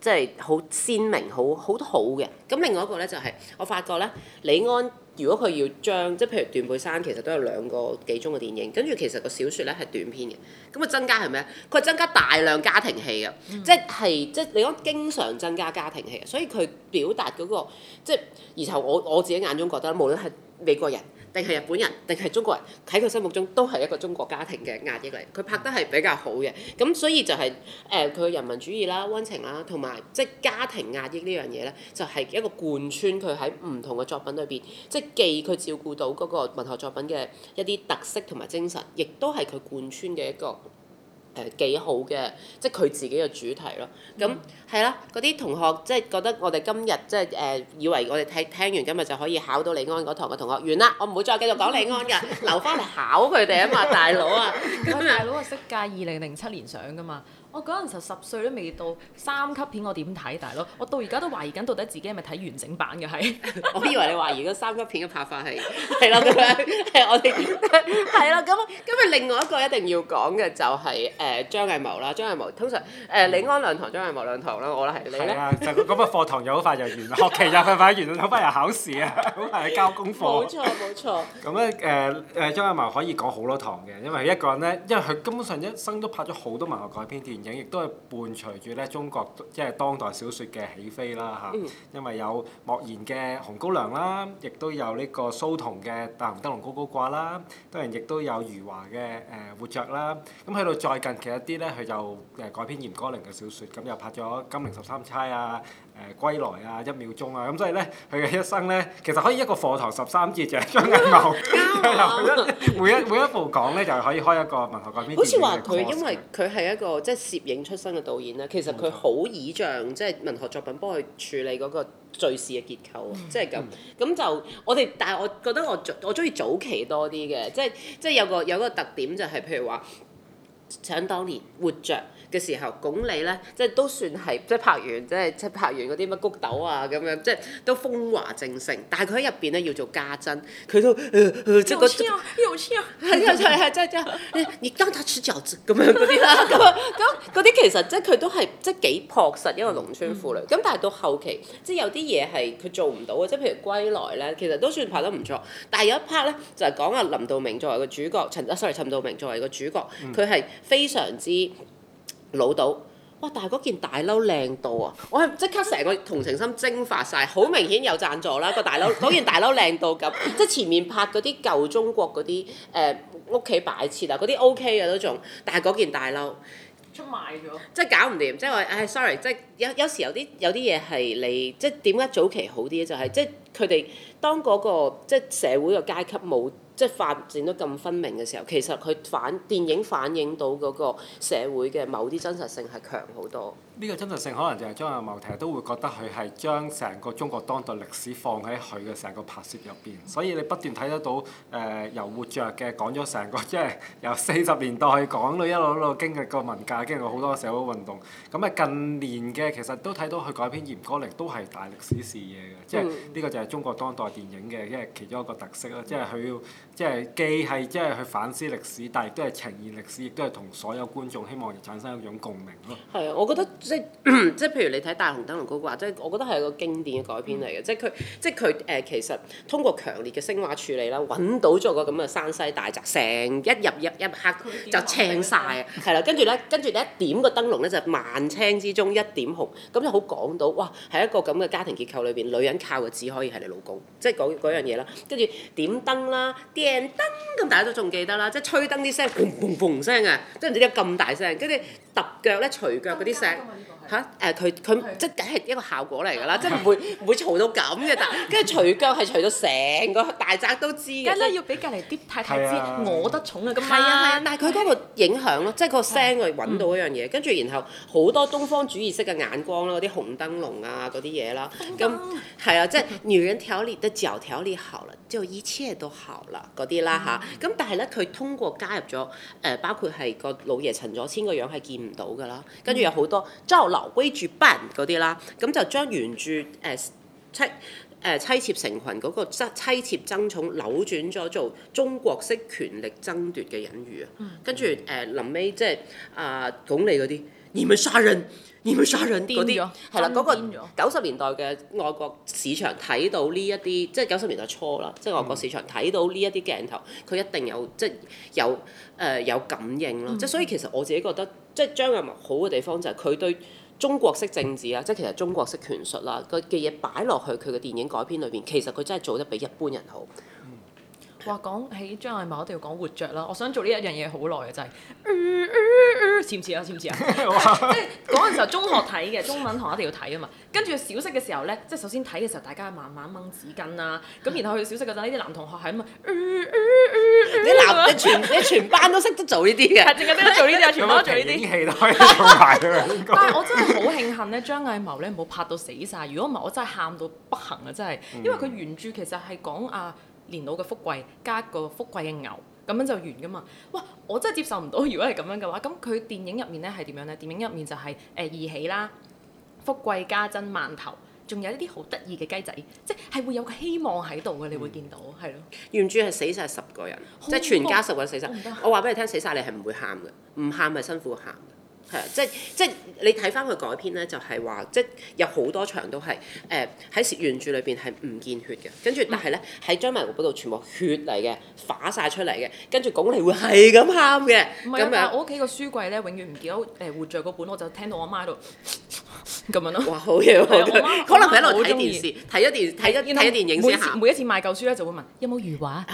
即係好鮮明，好好好嘅。咁另外一個咧就係、是，我發覺咧，李安如果佢要將即係譬如《斷背山》其實都有兩個幾鐘嘅電影，跟住其實個小説咧係短篇嘅。咁佢增加係咩咧？佢增加大量家庭戲嘅、嗯，即係即係李安經常增加家庭戲嘅，所以佢表達嗰、那個即係，然後我我自己眼中覺得，無論係美國人，定係日本人，定係中國人，喺佢心目中都係一個中國家庭嘅壓抑嚟。佢拍得係比較好嘅，咁所以就係誒佢嘅人民主義啦、溫情啦，同埋即係家庭壓抑呢樣嘢咧，就係、是、一個貫穿佢喺唔同嘅作品裏邊，即、就、係、是、既佢照顧到嗰個文學作品嘅一啲特色同埋精神，亦都係佢貫穿嘅一個。誒幾好嘅，即係佢自己嘅主題咯。咁係啦，嗰啲同學即係覺得我哋今日即係誒以為我哋聽聽完今日就可以考到李安嗰堂嘅同學，完啦，我唔會再繼續講李安噶，留翻嚟考佢哋啊嘛，大佬啊！我大佬啊，色戒，二零零七年上噶嘛。我嗰陣時十歲都未到，三級片我點睇？大佬，我到而家都懷疑緊到底自己係咪睇完整版嘅？係 我以為你懷疑緊三級片嘅拍法係，係咯咁樣。係我哋，係啦咁。咁咪另外一個一定要講嘅就係誒張藝謀啦。張藝謀通常誒嚟、呃、李安兩堂，張藝謀兩堂啦，我咧係你咧？係啊，就咁啊，課堂又好快就完，學期又快快完，好 快又考試啊，咁係交功課。冇錯冇錯。咁咧誒誒張藝謀可以講好多堂嘅，因為一個人咧，因為佢根本上一生都拍咗好多文學改編片。影亦都係伴隨住咧中國即係當代小説嘅起飛啦嚇、啊，因為有莫言嘅《紅高粱》啦，亦都有呢個蘇童嘅《大紅燈籠高高掛》啦、啊，當然亦都有余華嘅誒、啊《活着》啦、啊。咁去到最近其實一啲咧，佢就誒改編嚴歌苓嘅小説，咁又拍咗《金陵十三釵》啊。誒、呃、歸來啊，一秒鐘啊，咁、嗯、所以咧，佢嘅一生咧，其實可以一個課堂十三節，就係張藝謀，係啦，每一每一部講咧，就係可以開一個文學嗰邊。好似話佢因為佢係一個即係攝影出身嘅導演咧，其實佢好倚仗即係錯文學作品幫佢處理嗰個敘事嘅結構，即係咁。咁、 嗯、就我哋，但係我覺得我我中意早期多啲嘅，即係即係有個有個特點就係、是、譬如話，想當年活著。嘅時候，鞏俐咧，即係都算係即係拍完，即係即係拍完嗰啲乜菊豆啊咁樣，即係都風華正盛。但係佢喺入邊咧要做家珍，佢都，呃呃即嗰個、有錢啊！有錢啊！係係係真真真。你、就是、你當他吃餃子咁樣嗰啲啦，咁咁嗰啲其實即係佢都係即係幾樸實一個農村婦女。咁、嗯、但係到後期，即係有啲嘢係佢做唔到嘅，即係譬如《歸來》咧，其實都算拍得唔錯。但係有一 part 咧，就係、是、講啊，林道明作為個主角，陳啊，sorry，陳道明作為個主角，佢係非常之。老到，哇！但係嗰件大褸靚到啊，我係即刻成個同情心蒸發晒，好明顯有贊助啦。個大褸嗰件大褸靚到咁，即係前面拍嗰啲舊中國嗰啲誒屋企擺設啊，嗰啲 O K 嘅都仲，但係嗰件大褸出賣咗，即係搞唔掂。即係話唉，sorry，即係有有時有啲有啲嘢係你即係點解早期好啲咧？就係、是、即係佢哋當嗰、那個即係社會個階級冇。即係發展得咁分明嘅時候，其實佢反電影反映到嗰個社會嘅某啲真實性係強好多。呢個真實性可能就係張藝謀其實都會覺得佢係將成個中國當代歷史放喺佢嘅成個拍攝入邊，所以你不斷睇得到誒、呃、由活著嘅講咗成個，即、就、係、是、由四十年代去講到一路一路經歷過文革，經歷過好多社會運動。咁啊近年嘅其實都睇到佢改編嚴歌苓都係大歷史視野嘅，即係呢個就係中國當代電影嘅即係其中一個特色啦，即係佢要。即係既係即係去反思歷史，但係都係呈現歷史，亦都係同所有觀眾希望產生一種共鳴咯。係啊，我覺得即係即係，譬如你睇《大紅燈籠》嗰個話，即係我覺得係一個經典嘅改編嚟嘅。即係佢，即係佢誒，其實通過強烈嘅聲畫處理啦，揾到咗個咁嘅山西大宅，成一入入一黑就青晒啊！係啦，跟住咧，跟住你一點個燈籠咧，就萬青之中一點紅，咁就好講到哇！喺一個咁嘅家庭結構裏邊，女人靠嘅只可以係你老公，即係嗰嗰樣嘢啦。跟住點燈啦，掟燈咁，大家都仲記得啦，即係吹燈啲聲，嘭嘭嘭聲啊，即係唔知點解咁大聲，跟住揼腳咧，除腳嗰啲聲。嚇！誒佢佢即係梗係一個效果嚟㗎啦，即係唔會嘈到咁嘅，但跟住除腳係除到成個大宅都知。咁咧要俾隔籬啲太太知，我得重啊咁啊！係啊係啊！但係佢嗰個影響咯，即係個聲去揾到一樣嘢，跟住然後好多東方主義式嘅眼光啦，嗰啲紅燈籠啊嗰啲嘢啦，咁係啊，即係女人得自由腳調理好了，就一切都好了嗰啲啦嚇。咁但係咧，佢通過加入咗誒，包括係個老爺陳佐千個樣係見唔到㗎啦，跟住有好多留威住班嗰啲啦，咁就將原著誒妻誒妻妾成群嗰個妻妾爭寵扭轉咗做中國式權力爭奪嘅隱喻啊，跟住誒臨尾即係啊鞏俐嗰啲，你們殺人，你們殺人嗰啲係啦，嗰個九十年代嘅外國市場睇到呢一啲，即係九十年代初啦，即係外國市場睇到呢一啲鏡頭，佢一定有即係有誒有感應咯。即係所以其實我自己覺得，即係張藝謀好嘅地方就係佢對。中國式政治啊，即係其實中國式權術啦，佢嘅嘢擺落去佢嘅電影改編裏邊，其實佢真係做得比一般人好。話講起張藝謀，一定要講《活着》啦。我想做呢一樣嘢好耐嘅，就係似唔似啊？似唔似啊？即係嗰陣時候中學睇嘅中文堂，一定要睇啊嘛。跟住小息嘅時候咧，即係首先睇嘅時候，大家慢慢掹紙巾啦、啊。咁然後去小息嗰陣，呢啲男同學係咁啊，啲、呃呃呃呃、男，呃、你全， 你，全你全班都識得做呢啲嘅，淨係識得做呢啲啊，全部都做呢啲。期戲 但係我真係好慶幸咧，張藝謀咧冇拍到死晒。如果唔係，我真係喊到不行啊！真係，嗯、因為佢原著其實係講啊。年老嘅福貴加個福貴嘅牛，咁樣就完噶嘛？哇！我真係接受唔到，如果係咁樣嘅話，咁佢電影入面咧係點樣咧？電影入面就係誒二喜啦，福貴家珍饅頭，仲有一啲好得意嘅雞仔，即係會有個希望喺度嘅，嗯、你會見到，係咯。原著係死晒十個人，即係全家十個人死晒。我話俾你聽，死晒你係唔會喊嘅，唔喊咪辛苦喊。係，即係即係你睇翻佢改編咧，就係話即係有好多場都係誒喺原著裏邊係唔見血嘅，跟住但係咧喺張曼玉嗰度全部血嚟嘅，化晒出嚟嘅，跟住鞏俐會係咁喊嘅。咁樣我屋企個書櫃咧，永遠唔見到誒活著嗰本，我就聽到我阿媽度咁樣咯。哇！好嘢可能喺度睇電視、睇咗電、睇一睇咗電影先每一次賣舊書咧，就會問有冇餘畫。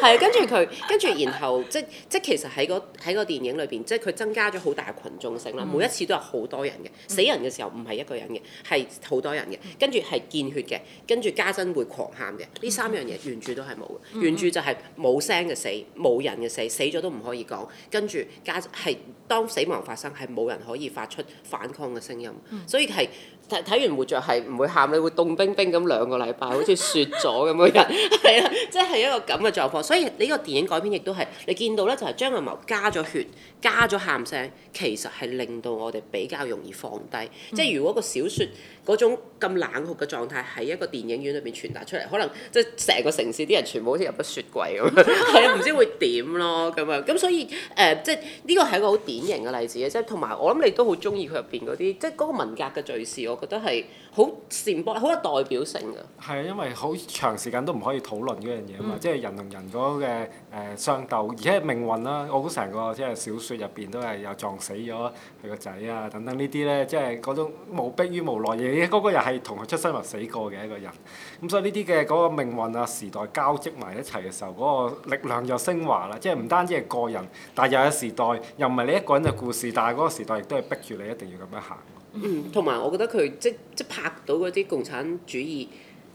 係跟住佢，跟住然後即係即係其實喺喺個電影裏邊，即係佢增加咗好大，群眾性啦，每一次都有好多人嘅、嗯、死人嘅時候唔係一個人嘅，係好多人嘅、嗯，跟住係見血嘅，跟住家珍會狂喊嘅，呢、嗯、三樣嘢原著都係冇嘅，嗯、原著就係冇聲嘅死，冇人嘅死，死咗都唔可以講，跟住家係當死亡發生係冇人可以發出反抗嘅聲音，嗯、所以係。睇完活着係唔會喊，你會凍冰冰咁兩個禮拜，好似雪咗咁嘅人，係啊， 即、就、係、係、一個咁嘅狀況。所以呢、呢個電影改編亦都係你見到咧，就係、係、張藝謀加咗血、加咗喊聲，其實係令到我哋比較容易放低。嗯、即係如果個小説嗰種咁冷酷嘅狀態喺一個電影院裏邊傳達出嚟，可能即係成個城市啲人全部好似入咗雪櫃咁，係啊， 唔知會點咯咁啊。咁所以誒、呃，即係呢個係一個好典型嘅例子啊！即係同埋我諗你都好中意佢入邊嗰啲，即係嗰個文革嘅敘事我覺得係好善博，好有代表性㗎。係啊，因為好長時間都唔可以討論嗰樣嘢啊嘛，嗯、即係人同人嗰個嘅誒相鬥，而且係命運啦、啊，我估成個即係小説入邊都係又撞死咗佢個仔啊，等等呢啲咧，即係嗰種無逼於無奈嘅。嗰、那個人係同佢出生同死過嘅一個人。咁所以呢啲嘅嗰個命運啊、時代交織埋一齊嘅時候，嗰、那個力量就升華啦。即係唔單止係個人，但係又有時代，又唔係你一個人嘅故事。但係嗰個時代亦都係逼住你一定要咁樣行。嗯，同埋我覺得佢即即拍到嗰啲共產主義。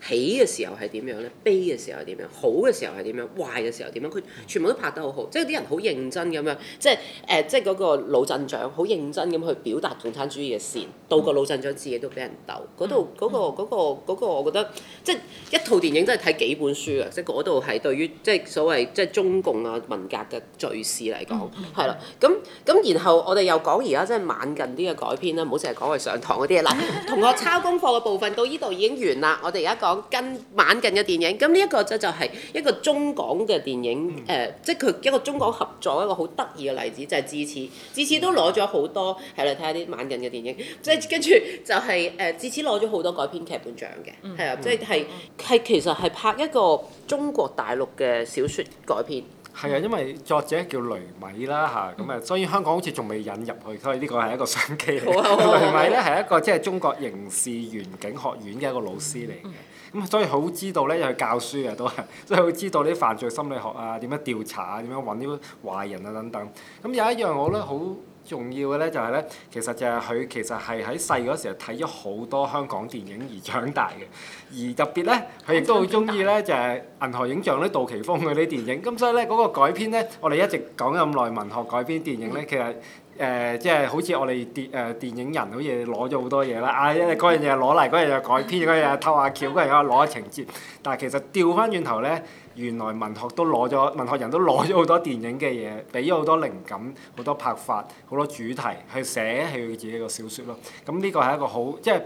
喜嘅時候係點樣咧？悲嘅時候係點樣？好嘅時候係點樣？壞嘅時候點樣？佢全部都拍得好好，即係啲人好認真咁樣，即係誒、呃，即係嗰個老鎮長好認真咁去表達共產主義嘅善，到個老鎮長自己都俾人鬥。嗰度嗰個嗰個我覺得即係一套電影真係睇幾本書啊！即係嗰度係對於即係所謂即係中共啊文革嘅敘事嚟講，係啦、嗯。咁咁，然後我哋又講而家真係晚近啲嘅改編啦，唔好成日講佢上堂嗰啲嘢。嗱， 同學抄功課嘅部分到呢度已經完啦，我哋而家講。跟晚近嘅電影，咁呢一個即就係一個中港嘅電影，誒、嗯呃，即係佢一個中港合作一個好得意嘅例子，就係、是、智齒》。《智齒》都攞咗好多，係嚟睇下啲晚近嘅電影，即係跟住就係、是、誒，智、呃、齒》攞咗好多改編劇本獎嘅，係啊、嗯，即係係、嗯、其實係拍一個中國大陸嘅小説改編。係啊，因為作者叫雷米啦吓，咁、嗯、啊，嗯、所以香港好似仲未引入去，所以呢個係一個商機嚟嘅。雷米咧係一個即係、就是、中國刑事警察學院嘅一個老師嚟嘅，咁所以好知道咧，又教書啊都係，所以好知道啲犯罪心理學啊，點樣調查啊，點樣揾啲壞人啊等等。咁、嗯嗯、有一樣我咧好。重要嘅咧就係、是、咧，其實就係佢其實係喺細個時候睇咗好多香港電影而長大嘅，而特別咧佢亦都好中意咧就係銀河影像啲杜琪峰佢啲電影，咁、嗯、所以咧嗰、那個改編咧，我哋一直講咁耐文學改編電影咧，其實誒即係好似我哋電誒、呃、電影人好似攞咗好多嘢啦，啊因為嗰樣嘢攞嚟，嗰樣嘢改編，嗰樣嘢偷下橋，嗰樣嘢攞嚟情節，但係其實調翻轉頭咧。原來文學都攞咗，文學人都攞咗好多電影嘅嘢，俾咗好多靈感、好多拍法、好多主題去寫佢自己小說、嗯嗯、個小説咯。咁呢個係一個好即係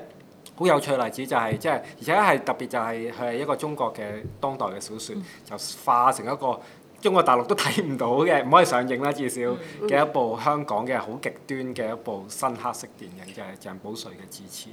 好有趣嘅例子、就係，就係即係而且係特別就係佢係一個中國嘅當代嘅小説，就化成一個中國大陸都睇唔到嘅，唔可以上映啦至少嘅一部香港嘅好極端嘅一部新黑色電影、嗯、就係鄭保瑞嘅《智齒》。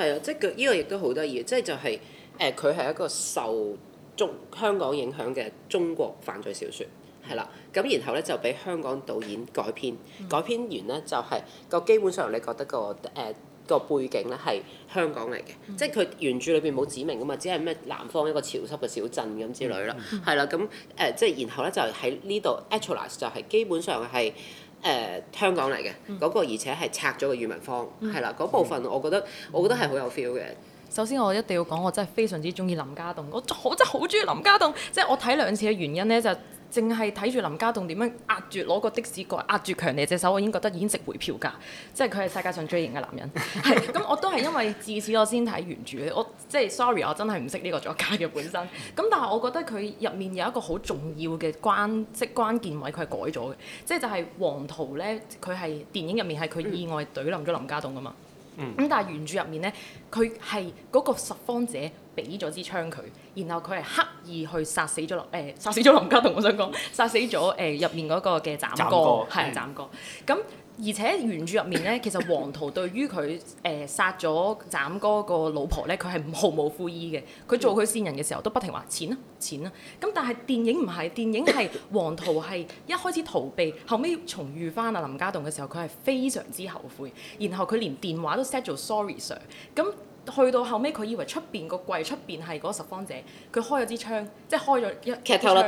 係啊，即係佢呢個亦都好得意，即係就係誒佢係一個受。中香港影響嘅中國犯罪小説，係啦，咁然後咧就俾香港導演改編，改編完咧就係、是、個基本上你覺得、那個誒個、呃、背景咧係香港嚟嘅，嗯、即係佢原著裏邊冇指明㗎嘛，只係咩南方一個潮濕嘅小鎮咁之類啦，係啦、嗯，咁、嗯、誒、呃、即係然後咧就喺呢度，Atlantis 就係基本上係誒、呃、香港嚟嘅，嗰、嗯、個而且係拆咗個漁民坊。係啦、嗯，嗰部分我覺得、嗯、我覺得係好有 feel 嘅。首先我一定要講，我真係非常之中意林家棟，我真我好中意林家棟，即係我睇兩次嘅原因咧，就淨係睇住林家棟點樣壓住攞個的士櫃，壓住強烈隻手，我已經覺得已經值回票價，即係佢係世界上最型嘅男人。係， 咁我都係因為自此我先睇原著，我即係 sorry，我真係唔識呢個作家嘅本身。咁但係我覺得佢入面有一個好重要嘅關，即係關鍵位，佢係改咗嘅，即係就係王桃咧，佢係電影入面係佢意外懟冧咗林家棟噶嘛。咁、嗯、但係原著入面咧，佢係嗰個拾荒者俾咗支槍佢，然後佢係刻意去殺死咗林，誒，殺死咗林家，同我想講殺死咗誒入面嗰個嘅斬哥，係斬哥。咁是、嗯而且原著入面咧，其實黃圖對於佢誒、呃、殺咗斬哥個老婆咧，佢係毫無悔意嘅。佢做佢線人嘅時候都不停話錢啊錢啊。咁、啊、但係電影唔係，電影係黃圖係一開始逃避，後尾重遇翻阿林家棟嘅時候，佢係非常之後悔。然後佢連電話都 send 咗 sorry sir。咁去到後尾，佢以為出邊個櫃出邊係嗰個拾荒者，佢開咗支槍，即係開咗一。劇透咯，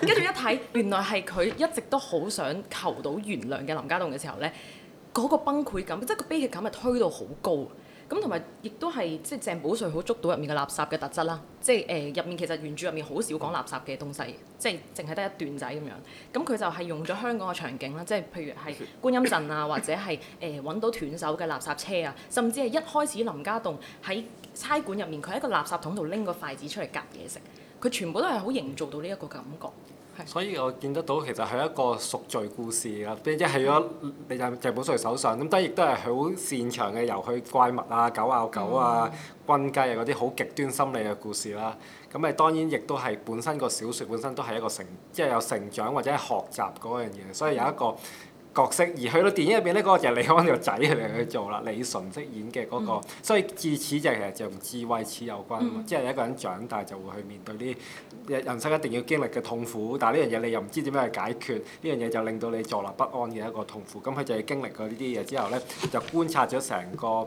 跟住一睇， 原來係佢一直都好想求到原諒嘅林家棟嘅時候呢，嗰個崩潰感，即係個悲劇感，係推到好高。咁同埋，亦都係即係鄭保瑞好捉到入面嘅垃圾嘅特質啦。即係誒入面其實原著入面好少講垃圾嘅東西，即係淨係得一段仔咁樣。咁佢就係用咗香港嘅場景啦，即係譬如係觀音鎮啊， 或者係誒揾到斷手嘅垃圾車啊，甚至係一開始林家棟喺差館入面，佢喺一個垃圾桶度拎個筷子出嚟夾嘢食，佢全部都係好營造到呢一個感覺。所以我見得到其實係一個贖罪故事啦，並且係咗你就日本帥手上，咁當然亦都係好擅長嘅由佢怪物啊、狗咬狗啊、軍、嗯、雞啊嗰啲好極端心理嘅故事啦。咁誒當然亦都係本身個小説本身都係一個成即係、就是、有成長或者學習嗰樣嘢，所以有一個。嗯角色而去到電影入邊呢嗰個就係李安個仔嚟去做啦，嗯、李淳飾演嘅嗰、那個，所以智齒就是、其實就同智慧齒有關，嗯、即係一個人長大就會去面對啲人生一定要經歷嘅痛苦，但係呢樣嘢你又唔知點樣去解決，呢樣嘢就令到你坐立不安嘅一個痛苦，咁佢就係經歷過呢啲嘢之後呢，就觀察咗成個。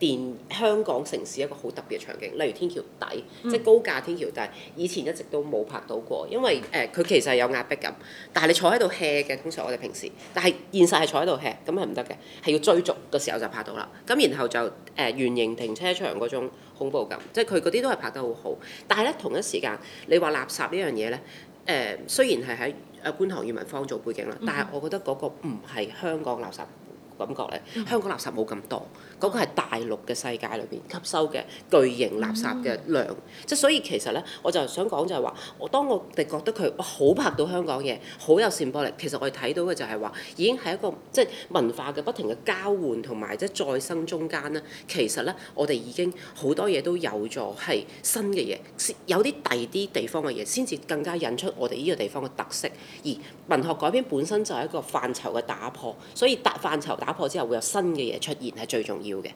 電香港城市一個好特別嘅場景，例如天橋底，即高架天橋底，以前一直都冇拍到過，因為誒佢、呃、其實有壓迫感，但係你坐喺度 hea 嘅，通常我哋平時，但係現實係坐喺度 hea，e 咁係唔得嘅，係要追逐嘅時候就拍到啦。咁然後就誒、呃、圓形停車場嗰種恐怖感，即係佢嗰啲都係拍得好好，但係咧同一時間你話垃圾呢樣嘢咧，誒、呃、雖然係喺誒觀塘裕民坊做背景啦，但係我覺得嗰個唔係香港垃圾感覺咧，香港垃圾冇咁多。嗰個係大陸嘅世界裏邊吸收嘅巨型垃圾嘅量，mm hmm. 即所以其實咧，我就想講就係話，我當我哋覺得佢好拍到香港嘢，好有線活力，其實我哋睇到嘅就係話，已經係一個即係文化嘅不停嘅交換同埋即係再生中間咧，其實咧我哋已經好多嘢都有咗係新嘅嘢，有啲第二啲地方嘅嘢先至更加引出我哋呢個地方嘅特色。而文學改編本身就係一個範疇嘅打破，所以打，範疇打破之後會有新嘅嘢出現係最重要。要嘅。